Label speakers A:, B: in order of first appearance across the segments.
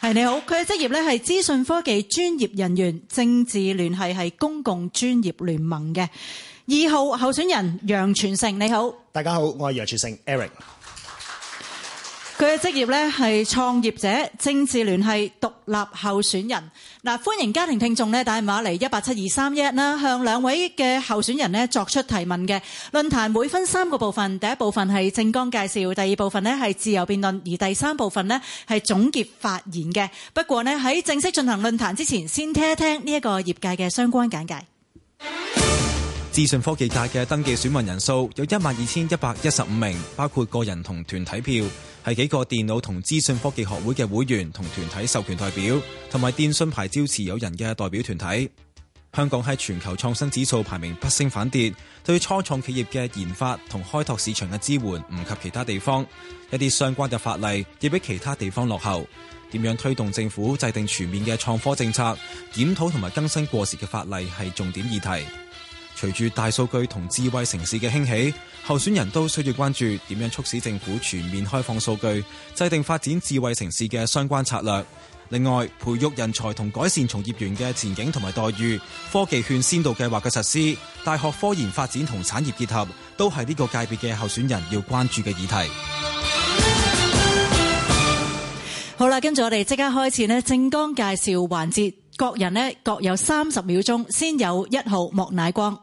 A: 係你好，佢嘅職業咧係資訊科技專業人員，政治聯繫係公共專業聯盟嘅二號候選人楊全成，你好，
B: 大家好，我係楊全成，Eric。
A: 佢嘅職業咧係創業者、政治聯繫獨立候選人嗱。歡迎家庭聽眾咧打電話嚟一八七二三一啦，向兩位嘅候選人作出提問嘅論壇。每分三個部分，第一部分係政綱介紹，第二部分咧係自由辯論，而第三部分咧係總結發言嘅。不過呢，喺正式進行論壇之前，先聽一聽呢一個業界嘅相關簡介。
B: 資訊科技界嘅登記選民人數有12,115名，包括個人同團體票，係幾個電腦同資訊科技學會嘅會員同團體授權代表，同埋電訊牌照持有人嘅代表團體。香港喺全球創新指數排名不升反跌，對初創企業嘅研發同開拓市場嘅支援唔及其他地
C: 方。一啲相關嘅法例亦比其他地方落後。點樣推動政府制定全面嘅創科政策，檢討同埋更新過時嘅法例係重點議題。隨住大數據同智慧城市嘅興起，候選人都需要關注點樣促使政府全面開放數據，制定發展智慧城市嘅相關策略。另外，培育人才同改善從業員嘅前景同埋待遇，科技券先導計劃嘅實施，大學科研發展同產業結合，都係呢個界別嘅候選人要關注嘅議題。
A: 好啦，跟住我哋即刻開始呢政綱介紹環節，各人呢各有三十秒鐘，先有一號莫乃光。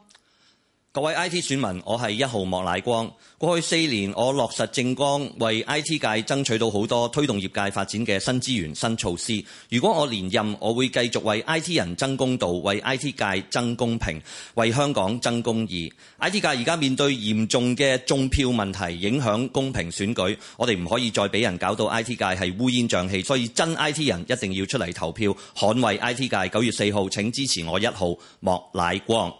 C: 各位 I T 選民，我係一號莫乃光。過去四年，我落實政綱，為 I T 界爭取到好多推動業界發展嘅新資源、新措施。如果我連任，我會繼續為 I T 人爭公道，為 I T 界爭公平，為香港爭公義。 I T 界而家面對嚴重嘅種票問題，影響公平選舉，我哋唔可以再俾人搞到 I T 界係烏煙瘴氣。所以真 I T 人一定要出嚟投票，捍衛 I T 界。九月四號，請支持我一號莫乃光。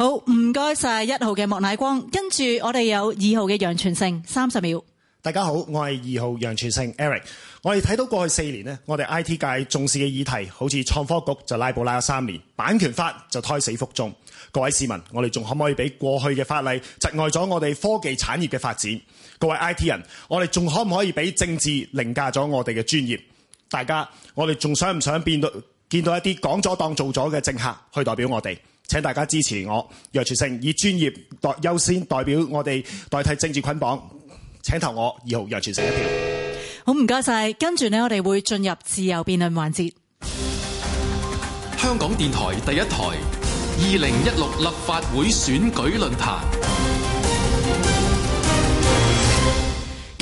A: 好，唔該晒一號嘅莫乃光，跟住我哋有二號嘅楊全盛，三十秒。
B: 大家好，我係二號楊全盛 Eric。我哋睇到過去四年呢，我哋 IT 界重視嘅議題，好似創科局就拉布拉咗三年，版權法就胎死腹中。各位市民，我哋仲可唔可以俾過去嘅法例窒礙咗我哋科技產業嘅發展？各位 IT 人，我哋仲可唔可以俾政治凌駕咗我哋嘅專業？大家，我哋仲想唔想變到見到一啲講咗當做咗嘅政客去代表我哋？請大家支持我，楊全勝以專業代優先代表我哋代替政治捆綁，請投我二號楊全勝一票。
A: 好，唔該晒，跟住呢，我哋會進入自由辯論環節。
B: 香港電台第一台，二零一六立法會選舉論壇。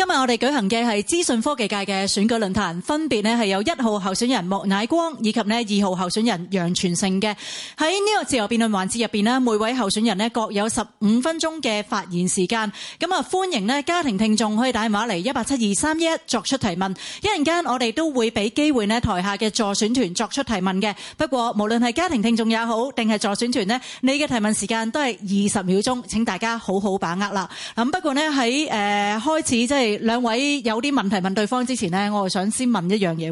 A: 今日我哋舉行嘅係資訊科技界嘅選舉論壇，分別咧係有一號候選人莫乃光以及咧，二號候選人楊全盛嘅。喺呢個自由辯論環節入邊咧，每位候選人咧各有十五分鐘嘅發言時間。咁啊，歡迎咧家庭聽眾可以打電話嚟一八七二三一一作出提問。一陣間我哋都會俾機會咧台下嘅助選團作出提問嘅。不過無論係家庭聽眾也好，定係助選團咧，你嘅提問時間都係二十秒鐘，請大家好好把握啦。咁不過咧喺誒，開始即係。兩位有啲問題問對方之前呢，我係想先問一樣嘢。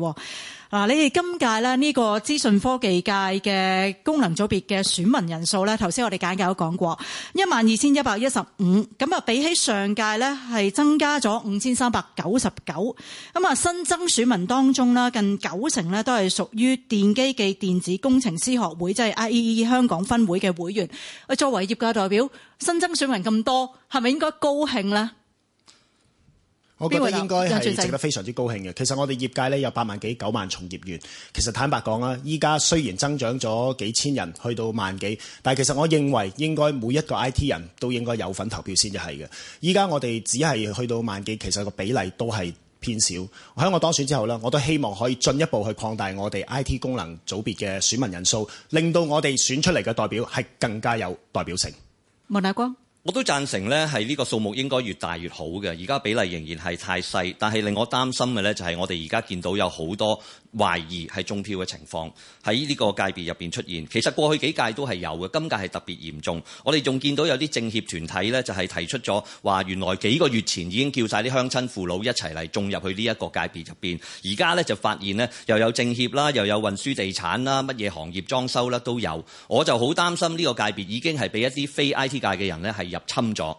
A: 嗱，你哋今屆咧呢個資訊科技界嘅功能組別嘅選民人數呢，頭先我哋簡介都講過，一萬二千一百一十五。咁啊，比起上屆呢係增加咗五千三百九十九。咁啊，新增選民當中呢，近九成呢都係屬於電機暨電子工程師學會，即係 IEEE 香港分會嘅會員。作為業界代表，新增選民咁多，係咪應該高興呢？我覺得應該係值得非
B: 常之高興嘅。其實我哋業界咧有八萬幾九萬從業員。其實坦白講啦，依家雖然增長咗幾千人去到萬幾，但其實我認為應該每一個 IT 人都應該有份投票先至係嘅。依家我哋只係去到萬幾，其實個比例都係偏少。喺我當選之後呢，我都希望可以進一步去擴大我哋 IT 功能組別嘅選民人數，令到我哋選出嚟嘅代表係更加有代表性。
A: 莫乃光。
C: 我都贊成，呢係呢個數目應該越大越好嘅。而家比例仍然係太細，但係令我擔心嘅呢就係我哋而家見到有好多。懷疑係種票嘅情況喺呢個界別入面出現。其實過去幾屆都係有嘅，今屆係特別嚴重。我哋仲見到有啲政協團體咧，就係提出咗話，原來幾個月前已經叫晒啲鄉親父老一齊嚟種入去呢一個界別入面。而家咧就發現咧又有政協啦，又有運輸地產啦，乜嘢行業裝修啦都有。我就好擔心呢個界別已
A: 經係畀一啲非
C: IT 界嘅人咧係入侵咗。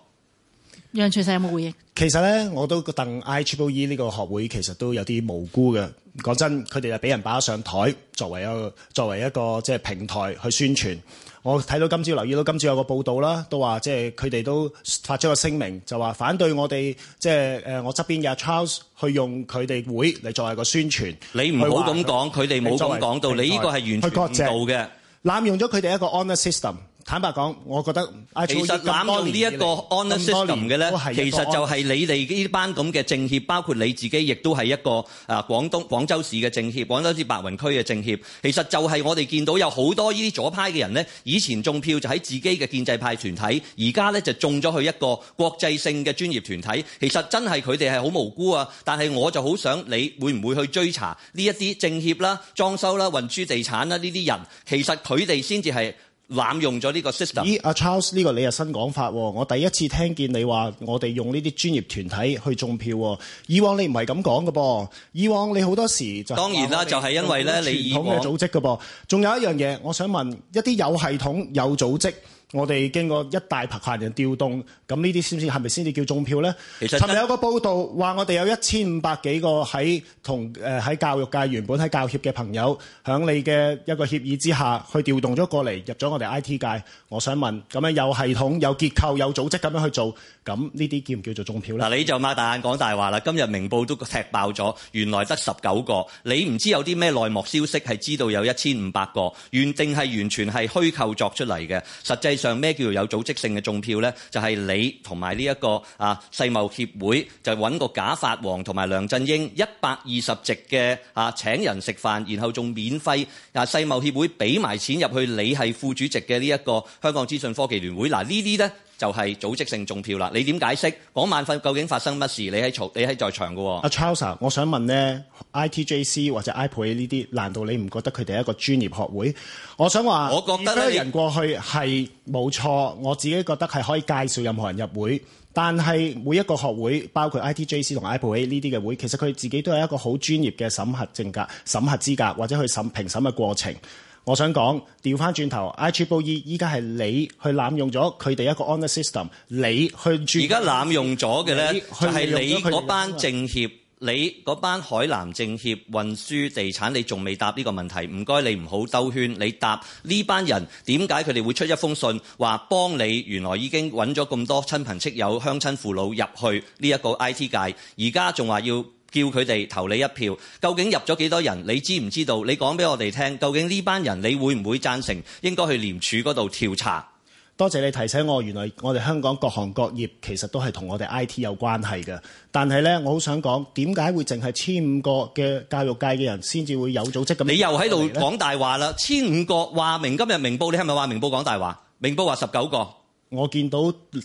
A: 楊
B: 全盛有冇回應？其實咧，我都覺得 IEEE 呢個學會其實都有啲無辜嘅。講真，佢哋就俾人擺咗上台作為一個作為一個即係平台去宣傳。我睇到今朝留意到今朝有個報道啦，都話即係佢哋都發咗個聲明，就話反對我哋即係誒我側邊嘅 Charles 去用佢哋會嚟作為一個宣傳。你唔好咁講，佢哋冇咁講到，你呢個係完全唔道嘅，濫用咗佢哋一個 honor system。坦白講，我覺得其實監控呢一個 on the system
C: 嘅呢，其實就係你哋呢班咁嘅政協，包括你自己，亦都係一個啊廣東廣州市嘅政協，廣州市白雲區嘅政協。其實就係我哋見到有好多呢啲左派嘅人呢，以前中票就喺自己嘅建制派團體，而家呢就中咗去一個國際性嘅專業團體。其實真係佢哋係好無辜啊，但係我就好想你會唔會去追查呢啲政協啦、裝修啦、運輸地產啦呢啲人，其實佢哋先至係。濫用咗呢個 system。咦，
B: 阿 Charles 呢個你係新講法喎，我第一次聽見你話我哋用呢啲專業團體去種票喎。以往你唔係咁講㗎噃，以往你好多時就當然啦，就係、是、因為咧你以往嘅組織㗎噃。仲有一樣嘢，我想問一啲有系統、有組織。我哋經過一大排客人調動，咁呢啲先先係咪先至叫種票呢？其實尋日有個報道話我哋有一千五百幾個喺同喺、呃、教育界原本喺教協嘅朋友，喺你嘅一個協議之下，去調動咗過嚟入咗我哋 I T 界。我想問，咁樣有系統、有結構、有組織咁樣去做，咁呢啲叫唔叫做種票呢？嗱，
C: 你就擘大眼講大話啦！今日明報都踢爆咗，原來得十九個。你唔知有啲咩內幕消息係知道有一千五百個，原定係完全係虛構作出嚟嘅，實際。上咩叫做有組織性嘅種票呢？就係你同埋呢一個啊世貿協會，就揾個假法王同埋梁振英一百二十席嘅啊請人食飯，然後仲免費啊世貿協會俾埋錢入去，你係副主席嘅呢一個香港資訊科技聯會，嗱呢啲呢。就係、是、組織性種票啦！你點解釋嗰晚份究竟發生乜事？你喺嘈，你喺在場㗎喎。阿
B: Charles，我想問呢 ITJC 或者 IPOA 呢啲，難道你唔覺得佢哋係一個專業學會？我想話，我覺得咧，人過去係冇錯。我自己覺得係可以介紹任何人入會，但係每一個學會，包括 ITJC 同 IPOA 呢啲嘅會，其實佢自己都係一個好專業嘅審核證格、審核資格或者去審評審嘅過程。我想講調返轉頭，I.T. Boy 依家係你去濫用咗佢哋一個 honor system，你去轉而家濫用
C: 咗嘅呢，就係你嗰班政協，你嗰班海南政協運輸地產，你仲未答呢個問題。唔該，你唔好兜圈，你答呢班人點解佢哋會出一封信，話幫你原來已經揾咗咁多親朋戚友、鄉親父老入去呢一個 I.T. 界，而家仲話要，叫佢哋投你一票，究竟入咗幾多人？你知唔知道？你講俾我哋聽，究竟呢班人你會唔會讚成應該去廉署嗰度調查？
B: 多謝你提醒我，原來我哋香港各行各業其實都係同我哋 IT 有關係嘅。但係咧，我好想講點解會淨係千五個嘅教育界嘅人先至會有組織咁？你又喺度講大
C: 話啦！千五個話明今日明報，你係咪話明報講大話？明報話十九個。
B: 我見到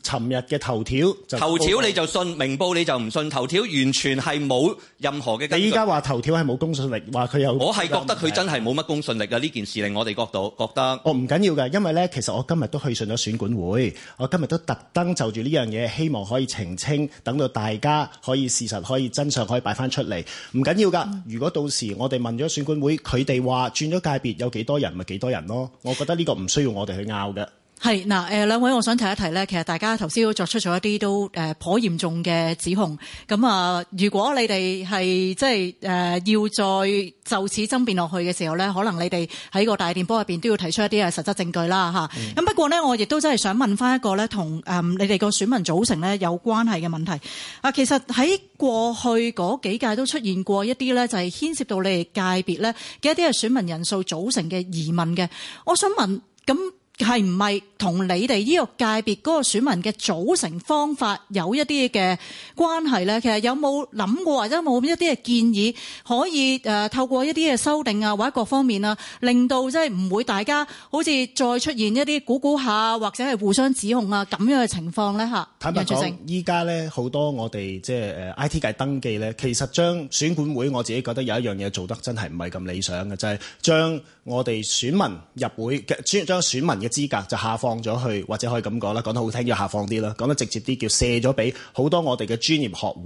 B: 尋日嘅頭條，頭條你
C: 就信，明報你就唔信。頭條完全係冇任何嘅。你依家
B: 話頭條係冇公信力，話佢有，有，我係覺得佢
C: 真係冇乜公信力㗎！呢件事令我哋覺、覺得，
B: 我唔緊要嘅，因為呢，其實我今日都去信咗選管會，我今日都特登就住呢樣嘢，希望可以澄清，等到大家可以事實可以真相可以擺翻出嚟，唔緊要噶。如果到時我哋問咗選管會，佢哋話轉咗界別有幾多人，咪幾多人咯。我覺得呢個唔需要我哋去拗嘅。
A: 係嗱，誒兩位，我想提一提咧，其實大家頭先都作出咗一啲都誒頗嚴重嘅指控。咁啊，如果你哋係即係誒、呃、要再就此爭辯落去嘅時候咧，可能你哋喺個大電波入邊都要提出一啲誒實質證據啦，咁、嗯、不過呢，我亦都真係想問翻一個咧，同誒你哋個選民組成咧有關係嘅問題。啊，其實喺過去嗰幾屆都出現過一啲咧，就係牽涉到你哋界別咧嘅一啲係選民人數組成嘅疑問嘅。我想問咁。嗯係唔係同你哋呢個界別嗰個選民嘅組成方法有一啲嘅關係咧？其實有冇諗過或者有冇一啲嘅建議，可以誒透過一啲嘅修訂啊或者各方面啊，令到即係唔會大家好似再出現一啲估估下或者係互相指控啊咁樣嘅情況咧吓？坦白講，
B: 依家咧好多我哋即係誒 I T 界登記咧，其實將選管會我自己覺得有一樣嘢做得真係唔係咁理想嘅，就係將。我哋選民入會嘅將選，選民嘅資格就下放咗去，或者可以咁講啦，講得好聽就下放啲啦，講得直接啲叫卸咗俾好多我哋嘅專業學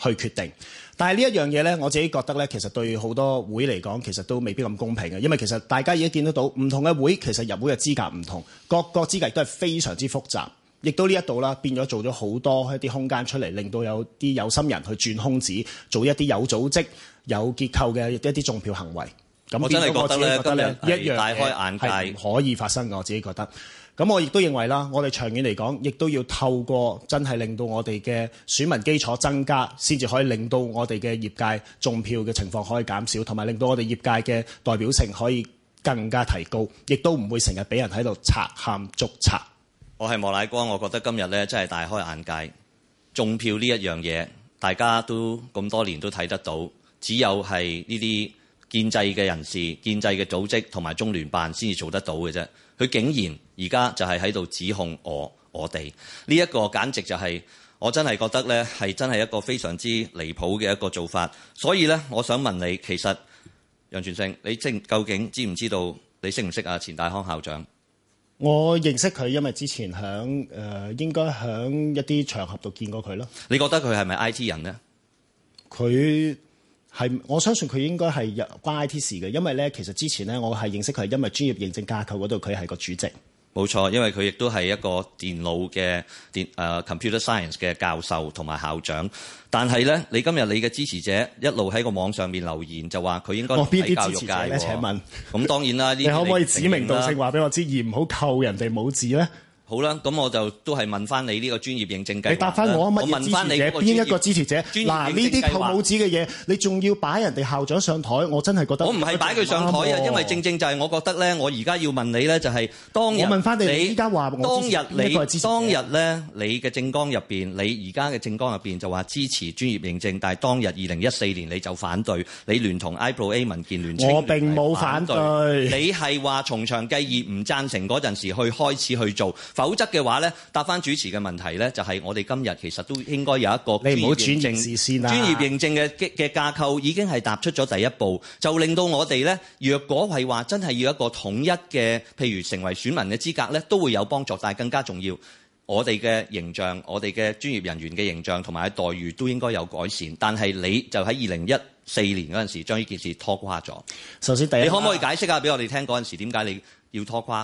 B: 會去決定。但係呢一樣嘢咧，我自己覺得咧，其實對好多會嚟講，其實都未必咁公平嘅，因為其實大家已經見得到唔同嘅會其實入會嘅資格唔同，各個資格亦都係非常之複雜，亦都呢一度啦變咗做咗好多一啲空間出嚟，令到有啲有心人去鑽空子，做一啲有組織、有結構嘅一啲種票行為。咁我真係覺得一樣 大開眼界，係唔可以發生嘅，我自己覺得。咁我亦都認為啦，我哋長遠嚟講，亦都要透過真係令到我哋嘅選民基礎增加，先至可以令到我哋嘅業界種票嘅情況可以減少，同埋令到我哋業界嘅代表性可以更加提高，亦都唔會成日俾人喺度賊喊捉賊。
C: 我係莫乃光，我覺得今日咧真係大開眼界。種票呢一樣嘢，大家都咁多年都睇得到，只有係呢啲。建制嘅人士、建制嘅組織同埋中聯辦先至做得到嘅啫，佢竟然而家就係喺度指控我我哋呢一個，簡直就係我真係覺得呢係真係一個非常之離譜嘅一個做法。所以呢，我想問你，其實楊全勝，你正究竟知唔知道？你識唔識啊？錢大康校長？
B: 我認識佢，因為之前喺誒、呃、應該喺一啲場合度見過佢咯。
C: 你覺得佢係咪 IT 人
B: 呢？佢。係，我相信佢應該係關 I T 事嘅，因為咧，其實之前咧，我係認識佢係因為專業認證架構嗰度佢係個主席。
C: 冇錯，因為佢亦都係一個電腦嘅電誒、uh, computer science 嘅教授同埋校長。但係咧，你今日你嘅支持者一路喺個網上面留言就話佢應該係教育界咧、哦。請問，咁、嗯、當然啦， 你可唔可以指名道姓
B: 話俾我知， 而唔好扣人哋帽子咧？
C: 好啦，咁我就都係問翻你呢個專業認證計劃，你答翻我乜？我問翻你邊一個支持者？嗱，呢啲扣帽
B: 子嘅嘢，你仲要擺人哋校長上台？我真係覺得我唔係擺佢上
C: 台啊，因為正正就係我覺得咧，我而家要問你咧，就係、是、當我問翻你，你，你我，當日你支持當日咧，你嘅政綱入面，你而家嘅政綱入面就話支持專業認證，但係當日二零一四年你就反對，你聯同 IPOA 民建聯我
B: 並冇反對， 你
C: 係話從長計議唔贊成嗰陣時去開始去做。否則嘅話呢，答翻主持嘅問題呢，就係我哋今日其實都應該有一個專業認證、專業認證嘅嘅架構已經係踏出咗第一步，就令到我哋呢。若果係話真係要一個統一嘅，譬如成為選民嘅資格呢，都會有幫助。但係更加重要，我哋嘅形象、我哋嘅專業人員嘅形象同埋待遇都應該有改善。但係你就喺二零一四年嗰陣時將呢件事拖垮咗。
B: 首先第一，你可唔可以
C: 解釋下俾我哋聽嗰陣時點解你要拖垮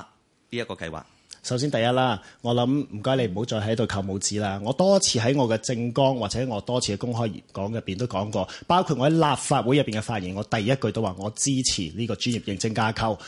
C: 呢一個計劃？
B: 首先第一啦，我諗唔該你唔好再喺度扣帽子啦。我多次喺我嘅政綱或者我多次嘅公開演講入面都講過，包括我喺立法會入面嘅發言，我第一句都話我支持呢個專業認證架構。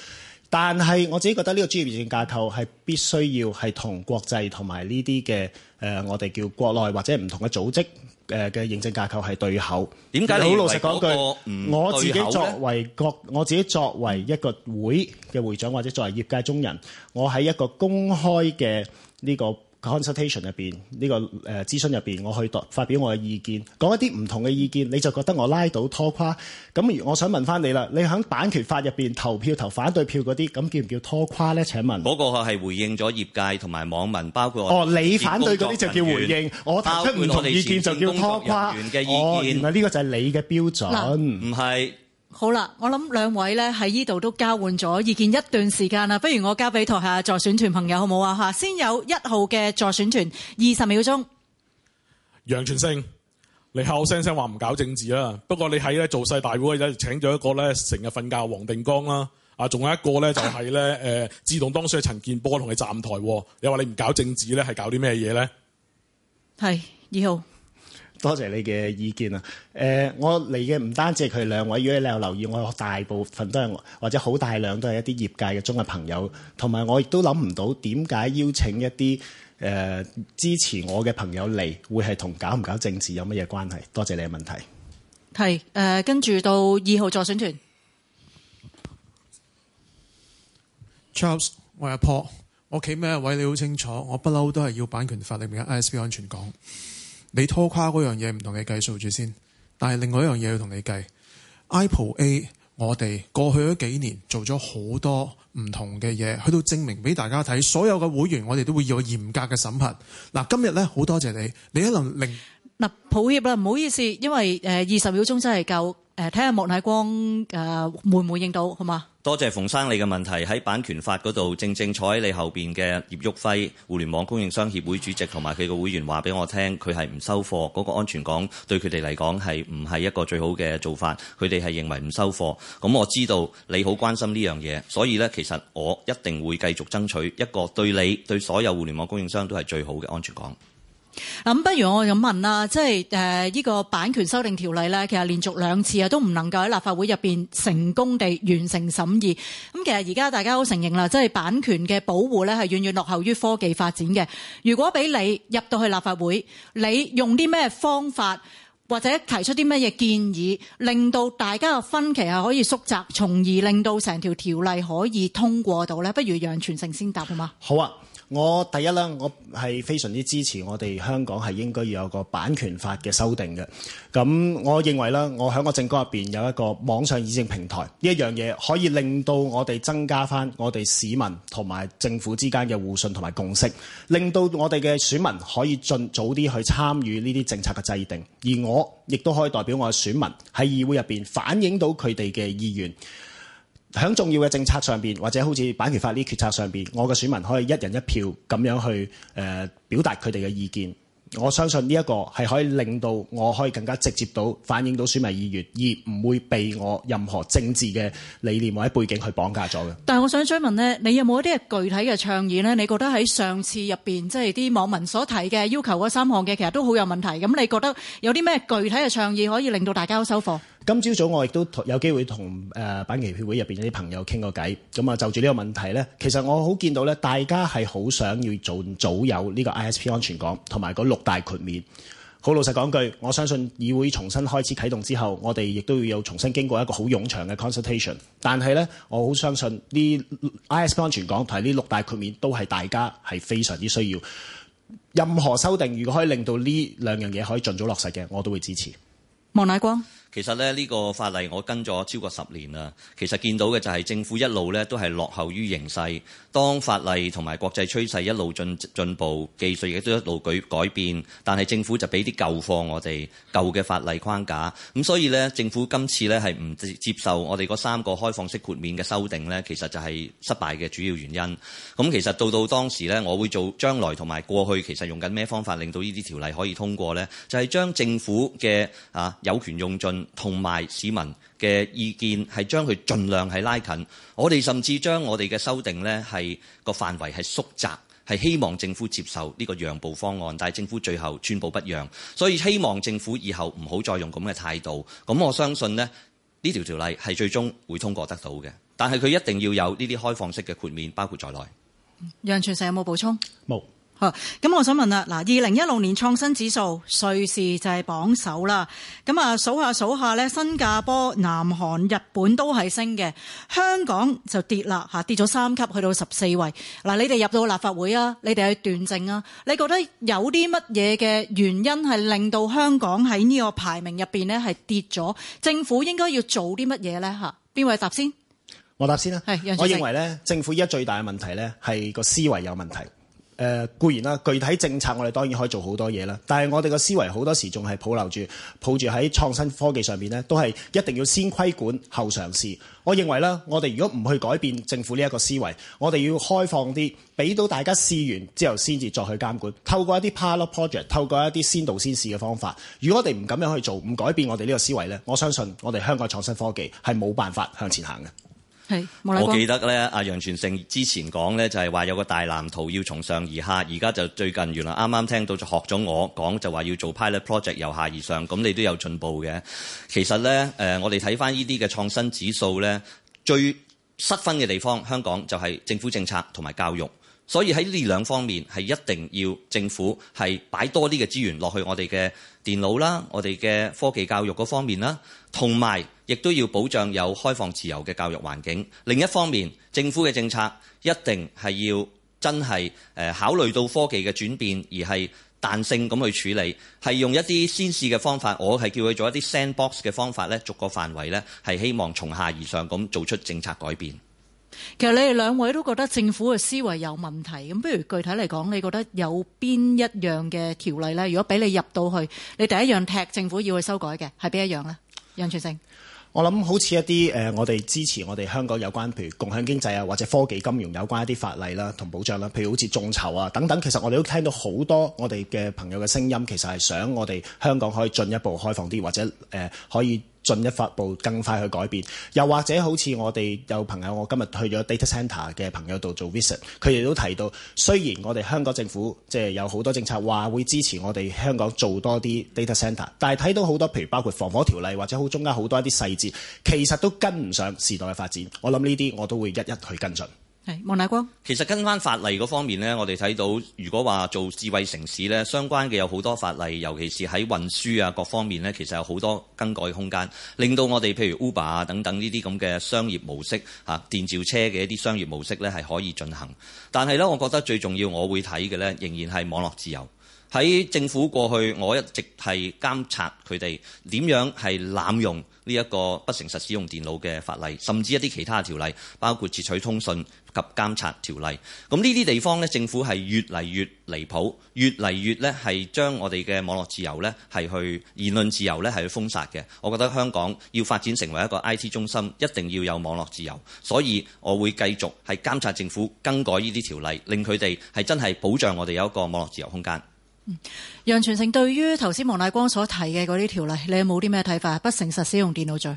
B: 但係我自己覺得呢個專業認證架構係必須要係同國際同埋呢啲嘅誒，我哋叫國內或者唔同嘅組織誒嘅認證架構係對口。點解？你好老實講句，我自己作為國，我自己作為一個會嘅會長或者作為業界中人，我喺一個公開嘅呢個。consultation 入面，呢、呢個誒諮詢入面，我去發表我嘅意見，講一啲唔同嘅意見，你就覺得我拉到拖垮咁。我想問翻你啦，你喺版權法入面投票投反對票嗰啲，咁叫唔叫拖垮咧？請問
C: 嗰、嗰個係回應咗業界同埋
B: 網民，包括我哦，你反對嗰啲就叫回應，我，我提出唔同意見就叫拖垮。員嘅意見哦，原來呢個就係你嘅標準，唔係。
A: 好啦，我諗兩位咧喺呢度都交換咗意見一段時間啦，不如我交俾台下助選團朋友好唔好啊？吓，先有一號嘅助選團二十秒鐘。
C: 楊全勝，你口口聲聲話唔搞政治啦，不過你喺咧做勢大會，又請咗一個咧成日瞓覺黃定光啦，啊，仲有一個咧就係咧誒，自動當選嘅陳建波同佢站台，你話你
B: 唔搞政治咧，係搞啲咩嘢咧？
A: 係二號。
B: 多謝你嘅意見啊！誒、呃，我嚟嘅唔單止係佢哋兩位，如果你有留意，我大部分都係或者好大量都係一啲業界嘅中嘅朋友，同埋我亦都諗唔到點解邀請一啲誒、呃、支持我嘅朋友嚟，會係同搞唔搞政治有乜嘢關係？多謝你嘅問題。
A: 係誒，跟、呃、住到二號助選團
B: Charles，我係 Paul，我企咩位，你好清楚，我不嬲都係要版權法裏面嘅 ISP 安全港。你拖垮嗰樣嘢唔同你計數住先，但係另外一樣嘢要同你計。Apple A，我哋過去咗幾年做咗好多唔同嘅嘢，去到證明俾大家睇。所有嘅會員我哋都會有嚴格嘅審核。嗱，今日咧好多謝你，你一能令
A: 嗱抱歉啦，唔好意思，因為誒二十秒鐘真係夠。誒，睇下莫乃光誒、呃、會唔會認到好嘛？
C: 多謝馮生，你嘅問題喺版權法嗰度，正正坐喺你後邊嘅葉旭輝，互聯網供應商協會主席同埋佢個會員話俾我聽，佢係唔收貨，嗰、嗰個安全港對佢哋嚟講係唔係一個最好嘅做法，佢哋係認為唔收貨。咁我知道你好關心呢樣嘢，所以呢，其實我一定會繼續爭取一個對你、對所有互聯網供應商都係最好嘅安全港。
A: 咁不如我咁問啦，即係誒，呢個版權修訂條例咧，其實連續兩次啊，都唔能夠喺立法會入邊成功地完成審議。咁其實而家大家都承認啦，即係版權嘅保護咧，係遠遠落後於科技發展嘅。如果俾你入到去立法會，你用啲咩方法或者提出啲咩嘢建議，令到大家嘅分歧係可以縮窄，從而令到成條條例可以通過到咧？不如楊全成先答好嗎？
B: 好啊。我第一啦，我係非常之支持我哋香港係應該要有個版權法嘅修訂嘅。咁我認為咧，我喺個政綱入邊有一個網上議政平台呢一樣嘢，可以令到我哋增加翻我哋市民同埋政府之間嘅互信同埋共識，令到我哋嘅選民可以盡早啲去參與呢啲政策嘅制定，而我亦都可以代表我嘅選民喺議會入邊反映到佢哋嘅意願。喺重要嘅政策上邊，或者好似版權法呢啲決策上邊，我嘅選民可以一人一票咁樣去誒表達佢哋嘅意見。我相信呢一個係可以令到我可以更加直接到反映到選民意願，而唔會被我任何政治嘅理念或者背景去綁架咗嘅。
A: 但係我想追問咧，你有冇一啲具體嘅倡議咧？你覺得喺上次入邊，即係啲網民所提嘅要求嗰三項嘅，其實都好有問題。咁你覺得有啲咩具體嘅倡議可以令到大家都收貨？
B: 今朝早，早我亦都有機會同誒版權協會入邊啲朋友傾個偈。咁啊就住呢個問題呢，其實我好見到呢大家係好想要盡早有呢個 ISP 安全港同埋嗰六大豁免。好老實講句，我相信議會重新開始啟動之後，我哋亦都要有重新經過一個好冗長嘅 consultation。但係呢，我好相信呢 ISP 安全港同埋呢六大豁免都係大家係非常之需要。任何修訂，如果可以令到呢兩樣嘢可以盡早落實嘅，我都會支持。
A: 莫乃光。
C: 其實呢、呢個法例我跟咗超過十年啦。其實見到嘅就係政府一路咧都係落後於形勢。當法例同埋國際趨勢一路進進步，技術亦都一路改改變，但係政府就俾啲舊貨我哋舊嘅法例框架。咁所以咧，政府今次咧係唔接受我哋嗰三個開放式豁免嘅修訂咧，其實就係失敗嘅主要原因。咁其實到到當時咧，我會做將來同埋過去，其實用緊咩方法令到呢啲條例可以通過咧？就係、是、將政府嘅啊有權用盡。同埋市民嘅意見係將佢盡量係拉近，我哋甚至將我哋嘅修訂呢係個範圍係縮窄，係希望政府接受呢個讓步方案，但係政府最後寸步不讓。所以希望政府以後唔好再用咁嘅態度。咁我相信咧呢條條例係最終會通過得到嘅，但係佢一定要有呢啲開放式嘅豁免包括在內。
A: 楊傳成有冇補充？冇。咁，我想問啦，嗱，二零一六年創新指數，瑞士就係榜首啦。咁啊，數下數下咧，新加坡、南韓、日本都係升嘅，香港就跌啦吓，跌咗三級，去到十四位。嗱，你哋入到立法會啊，你哋去斷證啊，你覺得有啲乜嘢嘅原因係令到香港喺呢個排名入邊咧係跌咗？政府應該要做啲乜嘢咧？吓，邊位先答先？
B: 我先答先啦，
A: 係。我認為咧，
B: 政府依家最大嘅問題咧係個思維有問題。誒、呃、固然啦，具體政策我哋當然可以做好多嘢啦，但係我哋個思維好多時仲係保留住，抱住喺創新科技上面咧，都係一定要先規管後嘗試。我認為咧，我哋如果唔去改變政府呢一個思維，我哋要開放啲，俾到大家試完之後先至再去監管。透過一啲 pilot project，透過一啲先導先試嘅方法。如果我哋唔咁樣去做，唔改變我哋呢個思維咧，我相信我哋香港創新科技係冇辦法向前行嘅。
A: 係，我記
C: 得咧，阿楊全盛之前講咧就係話有個大藍圖要從上而下，而家就最近原來啱啱聽到就學咗我講，說就話要做 pilot project 由下而上，咁你都有進步嘅。其實咧，誒，我哋睇翻呢啲嘅創新指數咧，最失分嘅地方，香港就係政府政策同埋教育。所以喺呢兩方面係一定要政府係擺多啲嘅資源落去我哋嘅電腦啦，我哋嘅科技教育嗰方面啦，同埋亦都要保障有開放自由嘅教育環境。另一方面，政府嘅政策一定係要真係誒考慮到科技嘅轉變，而係彈性咁去處理，係用一啲先試嘅方法，我係叫佢做一啲 sandbox 嘅方法咧，逐個範圍咧係希望從下而上咁做出政策改變。
A: 其實你哋兩位都覺得政府嘅思維有問題，咁不如具體嚟講，你覺得有邊一樣嘅條例呢？如果俾你入到去，你第一樣踢政府要去修改嘅係邊一樣呢？楊全勝，
B: 我諗好似一啲誒、呃，我哋支持我哋香港有關，譬如共享經濟啊，或者科技金融有關一啲法例啦，同保障啦，譬如好似眾籌啊等等。其實我哋都聽到好多我哋嘅朋友嘅聲音，其實係想我哋香港可以進一步開放啲，或者誒、呃、可以。進一步發布，更快去改變。又或者好似我哋有朋友，我今日去咗 data center 嘅朋友度做 visit，佢哋都提到，雖然我哋香港政府即係、就是、有好多政策話會支持我哋香港做多啲 data center，但係睇到好多，譬如包括防火條例或者好中間好多一啲細節，其實都跟唔上時代嘅發展。我諗呢啲我都會一一去跟進。
A: 係，莫乃光。
C: 其實跟翻法例嗰方面呢，我哋睇到，如果話做智慧城市呢，相關嘅有好多法例，尤其是喺運輸啊各方面呢，其實有好多更改空間，令到我哋譬如 Uber 等等呢啲咁嘅商業模式，嚇電召車嘅一啲商業模式呢係可以進行。但係呢，我覺得最重要，我會睇嘅呢，仍然係網絡自由。喺政府過去，我一直係監察佢哋點樣係濫用呢一個不誠實使用電腦嘅法例，甚至一啲其他條例，包括截取通訊及監察條例。咁呢啲地方呢，政府係越嚟越離譜，越嚟越呢係將我哋嘅網絡自由呢係去言論自由呢係去封殺嘅。我覺得香港要發展成為一個 IT 中心，一定要有網絡自由，所以我會繼續係監察政府更改呢啲條例，令佢哋係真係保障我
B: 哋有一個網絡自由空間。
A: 楊、嗯、全成對於頭先王乃光所提嘅嗰啲條例，你有冇啲咩睇法？不誠實使用電腦罪，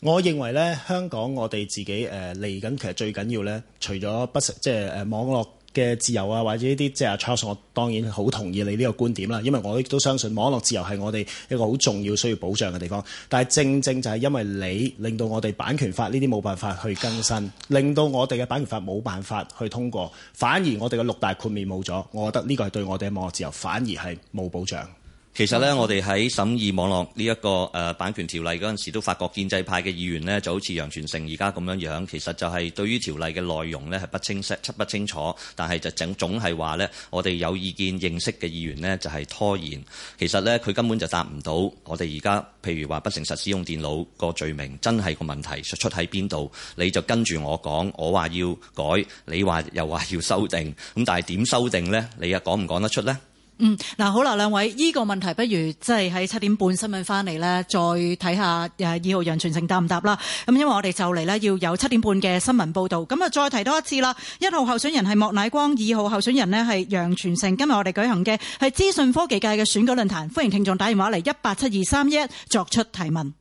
B: 我認為咧，香港我哋自己誒嚟緊，其實最緊要咧，除咗不實，即係誒網絡。嘅自由啊，或者呢啲即係 Charles，我當然好同意你呢個觀點啦。因為我亦都相信網絡自由係我哋一個好重要需要保障嘅地方。但係正正就係因為你令到我哋版權法呢啲冇辦法去更新，令到我哋嘅版權法冇辦法去通過，反而我哋嘅六大豁免冇咗。我覺得呢個係對我哋嘅網絡自由反而係冇保障。其實呢，我哋
C: 喺審議網絡呢一個版權條例嗰陣時，都發覺建制派嘅議員呢就好似楊全成而家咁樣樣。其實就係對於條例嘅內容呢係不清晰、不清楚，但係就整總係話呢，我哋有意見、認識嘅議員呢就係、是、拖延。其實呢，佢根本就答唔到我哋而家，譬如話不誠實使用電腦個罪名，真係個問題出喺邊度？你就跟住我講，我話要改，你話又話要修訂。咁但係點修訂呢？你又講唔講得出呢？
A: 嗯，嗱好啦，兩位，依、這個問題不如即係喺七點半新聞翻嚟呢，再睇下誒二號楊全盛答唔答啦？咁因為我哋就嚟呢，要有七點半嘅新聞報導，咁啊再提多一次啦。一號候選人係莫乃光，二號候選人呢係楊全盛。今日我哋舉行嘅係資訊科技界嘅選舉論壇，歡迎聽眾打電話嚟一八七二三一作出提問。